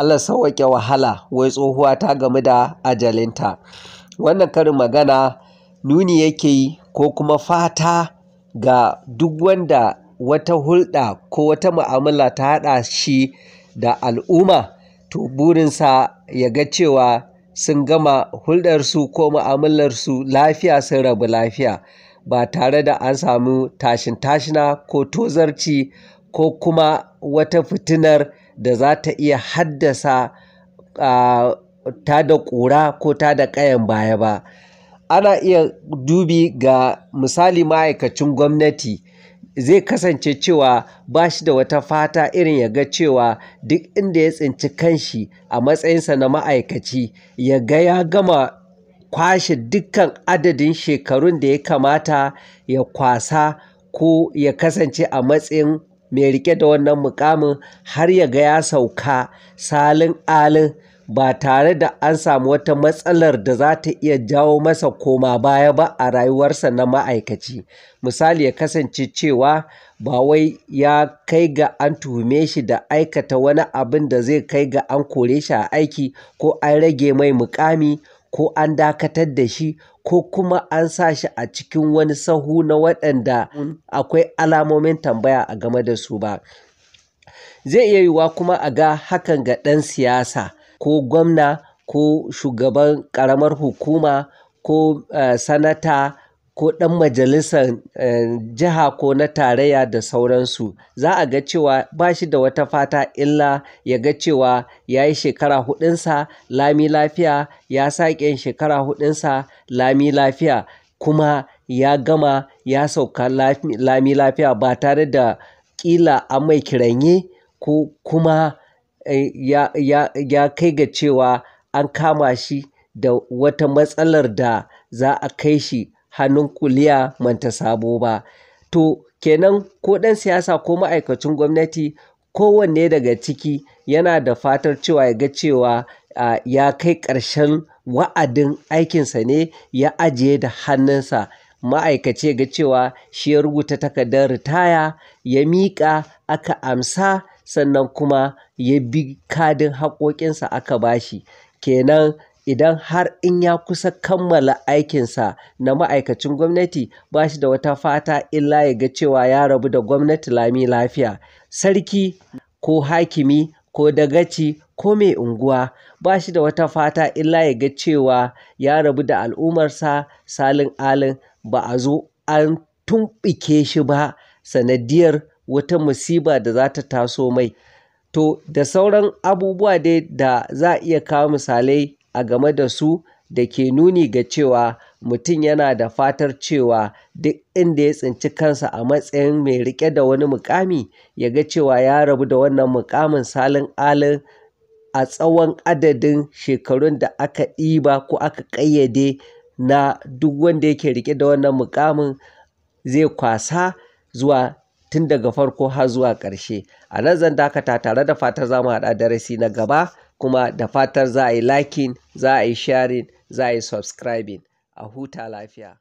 Allah sauwaƙe wahala wai tsohuwa ta gamu da ajalinta wannan karin magana nuni yake yi ko kuma fata ga duk wanda wata hulɗa ko wata mu'amala ta haɗa shi da al'umma to burinsa ya ga cewa sun gama hulɗarsu ko mu'amalarsu lafiya sun rabu lafiya ba tare da an samu tashin tashina ko tozarci ko kuma wata fitinar da za ta iya haddasa ta da ƙura ko ta da ƙayan baya ba ana iya dubi ga misali ma'aikacin gwamnati zai kasance cewa ba shi da wata fata irin ya ga cewa duk inda ya tsinci kanshi a matsayinsa na ma'aikaci ya ga ya gama kwashe dukkan adadin shekarun da ya kamata ya kwasa ko ya kasance a matsayin mai rike da wannan mukamin har ya ga ya sauka salin alin ba tare da an samu wata matsalar da za ta iya jawo masa koma baya ba a rayuwarsa na ma'aikaci misali ya kasance cewa ba wai ya kai ga an tuhume shi da aikata wani abin da zai kai ga an kore shi a aiki ko an rage mai mukami ko an dakatar da shi ko kuma an sa shi a cikin wani sahu na waɗanda akwai alamomin tambaya a game da su ba. Zai iya yiwuwa kuma a ga hakan ga ɗan siyasa ko gwamna ko shugaban ƙaramar hukuma ko eh, sanata ko ɗan majalisar eh, jiha ko na tarayya da sauransu za a ga cewa ba shi da wata fata illa ya ga cewa ya yi shekara hudunsa lami lafiya ya sake yin shekara hudunsa lami lafiya kuma ya gama ya sauka lami lafiya ba tare da ƙila an mai kiranye ko kuma eh, ya kai ga cewa an kama shi da wata matsalar da za a kai shi hannun kuliya manta sabo ba. To kenan ko ɗan siyasa ko ma'aikacin gwamnati kowanne daga ciki yana da fatar cewa ya ga cewa ya kai ƙarshen wa'adin aikinsa ne ya ajiye da hannunsa. Ma'aikaci ya ga cewa shi ya rubuta takardar ritaya, ya miƙa, aka amsa sannan kuma ya bi kadin haƙƙoƙinsa aka bashi. Kenan idan har in ya kusa kammala aikinsa na ma'aikacin gwamnati ba shi da wata fata illa ya ga cewa ya rabu da gwamnati lami lafiya. Sarki ko hakimi ko dagaci ko mai unguwa ba shi da wata fata illa ya ga cewa ya rabu da al'ummarsa salin alin ba a zo an tumɓike shi ba sanadiyar wata musiba da za ta taso mai. To da sauran abubuwa dai da za a iya kawo misalai a game da su da ke nuni ga cewa mutum yana da fatar cewa duk inda ya tsinci kansa a matsayin mai riƙe da wani mukami, ya ga cewa ya rabu da wannan mukamin salin alin a tsawon adadin shekarun da aka ɗiba ko aka ƙayyade na duk wanda yake riƙe da wannan mukamin zai kwasa zuwa tun daga farko har zuwa ƙarshe a nan zan dakata tare da fatar za mu haɗa darasi na gaba kuma da fatar za a yi liking za a yi sharing za a yi subscribing a huta lafiya